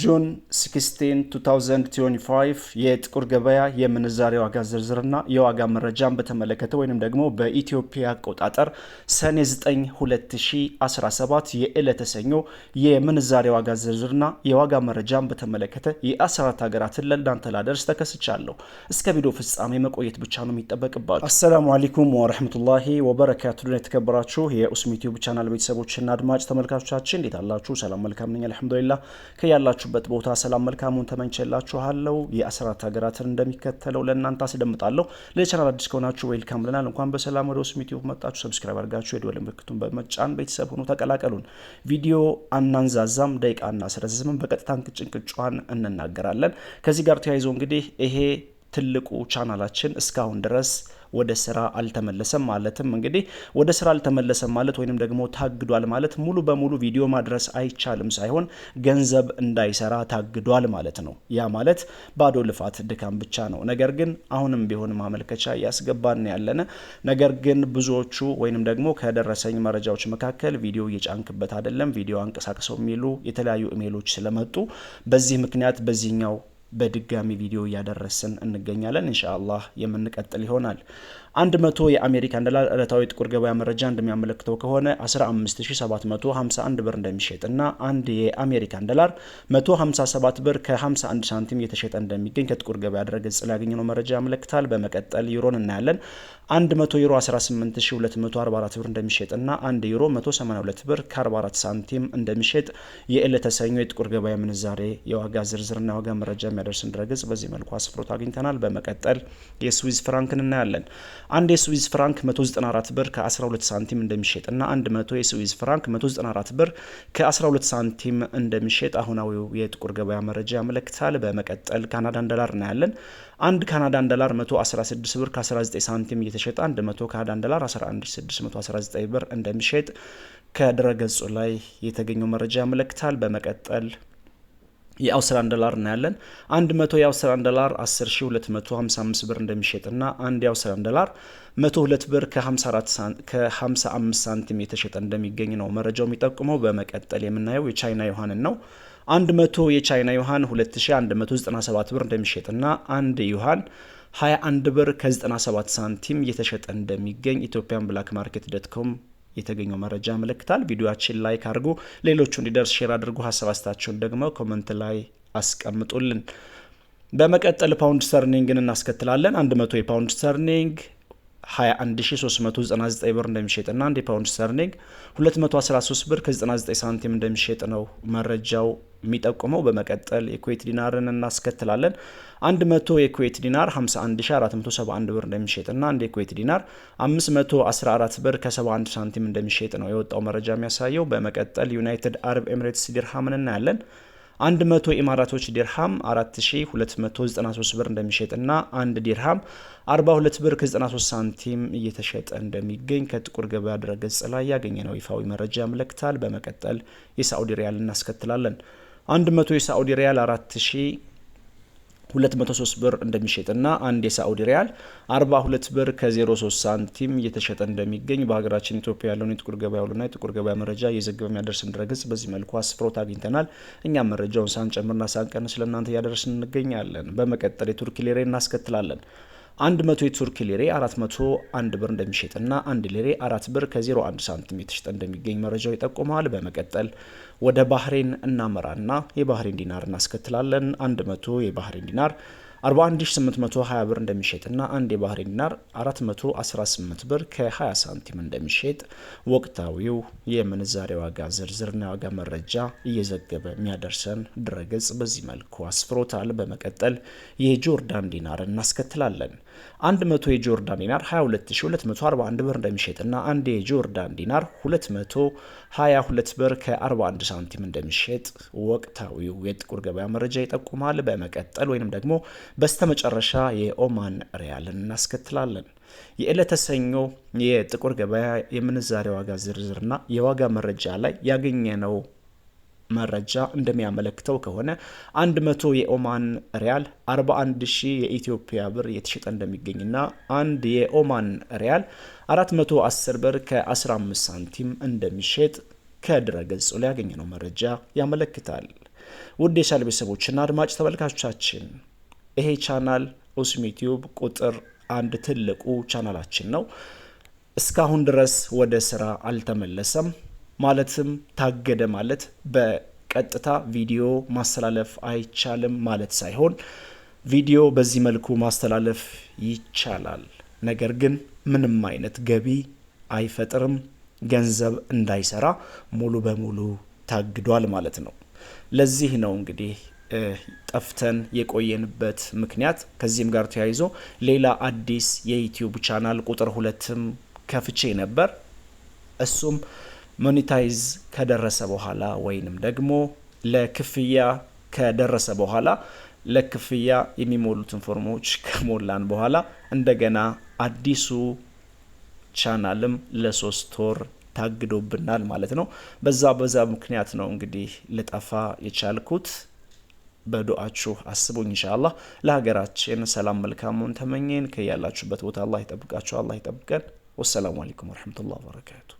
ጁን 16 2025 የጥቁር ገበያ የምንዛሬ ዋጋ ዝርዝርና የዋጋ መረጃን በተመለከተ ወይንም ደግሞ በኢትዮጵያ አቆጣጠር ሰኔ 9 2017 የዕለተ ሰኞ የምንዛሬ ዋጋ ዝርዝርና የዋጋ መረጃን በተመለከተ የ14 ሀገራትን ለእናንተ ላደርስ ተከስቻለሁ። እስከ ቪዲዮ ፍጻሜ መቆየት ብቻ ነው የሚጠበቅባችሁ። አሰላሙ አለይኩም ወረህመቱላሂ ወበረካቱ። የተከበራችሁ የኡስሚ ዩቲዩብ ቻናል ቤተሰቦችና አድማጭ ተመልካቾቻችን እንዴት አላችሁ? ሰላም መልካም ነኝ፣ አልሐምዱሊላህ ከያላችሁ በያላችሁበት ቦታ ሰላም መልካሙን ተመኝቼላችኋለሁ። የአስራት ሀገራትን እንደሚከተለው ለእናንተ አስደምጣለሁ። ለቻናል አዲስ ከሆናችሁ ዌልካም ብለናል። እንኳን በሰላም ወደ ውስም ዩቲዩብ መጣችሁ። ሰብስክራይብ አድርጋችሁ የደወል ምልክቱን በመጫን ቤተሰብ ሆኖ ተቀላቀሉን። ቪዲዮ አናንዛዛም፣ ደቂቃ አናስረዝምም። በቀጥታ እንቅጭንቅጫን እንናገራለን። ከዚህ ጋር ተያይዞ እንግዲህ ይሄ ትልቁ ቻናላችን እስካሁን ድረስ ወደ ስራ አልተመለሰም። ማለትም እንግዲህ ወደ ስራ አልተመለሰም ማለት ወይንም ደግሞ ታግዷል ማለት ሙሉ በሙሉ ቪዲዮ ማድረስ አይቻልም ሳይሆን ገንዘብ እንዳይሰራ ታግዷል ማለት ነው። ያ ማለት ባዶ ልፋት፣ ድካም ብቻ ነው። ነገር ግን አሁንም ቢሆን ማመልከቻ እያስገባን ያለነ ነገር ግን ብዙዎቹ ወይንም ደግሞ ከደረሰኝ መረጃዎች መካከል ቪዲዮ እየጫንክበት አይደለም ቪዲዮ አንቀሳቅሰው የሚሉ የተለያዩ ኢሜሎች ስለመጡ በዚህ ምክንያት በዚህኛው በድጋሚ ቪዲዮ እያደረስን እንገኛለን። እንሻአላህ የምንቀጥል ይሆናል። 100 የአሜሪካን ዶላር ዕለታዊ ጥቁር ገበያ መረጃ እንደሚያመለክተው ከሆነ 15751 ብር እንደሚሸጥና አንድ የአሜሪካን ዶላር 157 ብር ከ51 ሳንቲም እየተሸጠ እንደሚገኝ ከጥቁር ገበያ ድረገጽ ላይ ያገኘነው መረጃ ያመለክታል። በመቀጠል ዩሮን እናያለን። 100 ዩሮ 18244 ብር እንደሚሸጥና 1 ዩሮ 182 ብር ከ44 ሳንቲም እንደሚሸጥ የዕለተ ሰኞ የጥቁር ገበያ ምንዛሬ የዋጋ ዝርዝርና የዋጋ መረጃ የሚያደርስን ድረገጽ በዚህ መልኩ አስፍሮት አግኝተናል። በመቀጠል የስዊዝ ፍራንክን እናያለን። አንድ የስዊዝ ፍራንክ 194 ብር ከ12 ሳንቲም እንደሚሸጥና 100 የስዊዝ ፍራንክ 194 ብር ከ12 ሳንቲም እንደሚሸጥ አሁናዊው የጥቁር ገበያ መረጃ ያመለክታል። በመቀጠል ካናዳን ዶላር እናያለን። አንድ ካናዳን ዶላር 116 ብር ከ19 ሳንቲም እየተሸጠ 100 ካናዳን ዶላር 11619 ብር እንደሚሸጥ ከድረ ገጹ ላይ የተገኘው መረጃ ያመለክታል። በመቀጠል የአውስትራሊያን ዶላር እናያለን። 100 የአውስትራሊያን ዶላር 10255 ብር እንደሚሸጥና 1 የአውስትራሊያን ዶላር 102 ብር ከ55 ሳንቲም የተሸጠ እንደሚገኝ ነው መረጃው የሚጠቁመው። በመቀጠል የምናየው የቻይና ዩሃንን ነው። 100 የቻይና ዩሃን 2197 ብር እንደሚሸጥና አንድ ዩሃን 21 ብር ከ97 ሳንቲም የተሸጠ እንደሚገኝ ኢትዮጵያን ብላክ ማርኬት ዶት ኮም የተገኘው መረጃ ያመለክታል። ቪዲዮችን ላይክ አድርጉ፣ ሌሎቹ እንዲደርስ ሼር አድርጉ። ሀሳብ አስተያየታችሁን ደግሞ ኮመንት ላይ አስቀምጡልን። በመቀጠል ፓውንድ ስተርሊንግን እናስከትላለን። 100 የፓውንድ ስተርሊንግ 21399 ብር እንደሚሸጥ እና አንድ የፓውንድ ስተርሊንግ 213 ብር ከ99 ሳንቲም እንደሚሸጥ ነው መረጃው የሚጠቁመው። በመቀጠል የኩዌት ዲናርን እናስከትላለን። 100 የኩዌት ዲናር 51471 ብር እና አንድ የኩዌት ዲናር 514 ብር ከ71 ሳንቲም እንደሚሸጥ ነው የወጣው መረጃ የሚያሳየው። በመቀጠል ዩናይትድ አረብ ኤምሬትስ ዲርሃምን እናያለን። 100 ኢማራቶች ዲርሃም 4293 ብር እንደሚሸጥና አንድ ዲርሃም 42 ብር ከ93 ሳንቲም እየተሸጠ እንደሚገኝ ከጥቁር ገበያ ድረገጽ ላይ ያገኘነው ይፋዊ መረጃ ያመለክታል። በመቀጠል የሳዑዲ ሪያል እናስከትላለን። 100 የሳዑዲ ሪያል 4 203 ብር እንደሚሸጥና አንድ የሳዑዲ ሪያል 42 ብር ከ03 ሳንቲም እየተሸጠ እንደሚገኝ በሀገራችን ኢትዮጵያ ያለውን የጥቁር ገበያ ውሎና የጥቁር ገበያ መረጃ እየዘገበ የሚያደርስን ድረገጽ በዚህ መልኩ አስፍሮት አግኝተናል። እኛም መረጃውን ሳንጨምርና ሳንቀንስ ለእናንተ እያደረስን እንገኛለን። በመቀጠል የቱርክ ሊሬ እናስከትላለን። 100 የቱርክ ሊሬ 401 ብር እንደሚሸጥና 1 ሊሬ 4 ብር ከ01 ሳንቲም የተሸጠ እንደሚገኝ መረጃው ይጠቁማል። በመቀጠል ወደ ባህሬን እናመራና የባህሬን ዲናር እናስከትላለን። 100 የባህሬን ዲናር 41820 ብር እንደሚሸጥና አንድ የባህሬን ዲናር 418 ብር ከ20 ሳንቲም እንደሚሸጥ ወቅታዊው የምንዛሬ ዋጋ ዝርዝርና የዋጋ መረጃ እየዘገበ የሚያደርሰን ድረገጽ በዚህ መልኩ አስፍሮታል። በመቀጠል የጆርዳን ዲናር እናስከትላለን። 100 የጆርዳን ዲናር 22241 ብር እንደሚሸጥና አንድ የጆርዳን ዲናር 222 ብር ከ41 ሳንቲም እንደሚሸጥ ወቅታዊው የጥቁር ገበያ መረጃ ይጠቁማል። በመቀጠል ወይም ደግሞ በስተመጨረሻ የኦማን ሪያልን እናስከትላለን። የዕለተ ሰኞ የጥቁር ገበያ የምንዛሬ ዋጋ ዝርዝርና የዋጋ መረጃ ላይ ያገኘነው መረጃ እንደሚያመለክተው ከሆነ 100 የኦማን ሪያል 41 የኢትዮጵያ ብር የተሸጠ እንደሚገኝና አንድ የኦማን ሪያል 410 ብር ከ15 ሳንቲም እንደሚሸጥ ከድረገጹ ላይ ያገኘነው መረጃ ያመለክታል። ውድ የቻናል ቤተሰቦችና አድማጭ ተመልካቾቻችን ይሄ ቻናል ኡስሚ ዩቲዩብ ቁጥር አንድ ትልቁ ቻናላችን ነው። እስካሁን ድረስ ወደ ስራ አልተመለሰም። ማለትም ታገደ ማለት በቀጥታ ቪዲዮ ማስተላለፍ አይቻልም ማለት ሳይሆን ቪዲዮ በዚህ መልኩ ማስተላለፍ ይቻላል። ነገር ግን ምንም አይነት ገቢ አይፈጥርም፣ ገንዘብ እንዳይሰራ ሙሉ በሙሉ ታግዷል ማለት ነው። ለዚህ ነው እንግዲህ ጠፍተን የቆየንበት ምክንያት። ከዚህም ጋር ተያይዞ ሌላ አዲስ የዩትዩብ ቻናል ቁጥር ሁለትም ከፍቼ ነበር እሱም ሞኒታይዝ ከደረሰ በኋላ ወይንም ደግሞ ለክፍያ ከደረሰ በኋላ ለክፍያ የሚሞሉትን ፎርሞች ከሞላን በኋላ እንደገና አዲሱ ቻናልም ለሶስት ወር ታግዶብናል ማለት ነው። በዛ በዛ ምክንያት ነው እንግዲህ ልጠፋ የቻልኩት። በዱአችሁ አስቡኝ። ኢንሻአላህ ለሀገራችን ሰላም መልካሙን ተመኘን። ከያላችሁበት ቦታ አላህ ይጠብቃችሁ፣ አላህ ይጠብቀን። ወሰላሙ አለይኩም ወረሕመቱላህ ወበረካቱ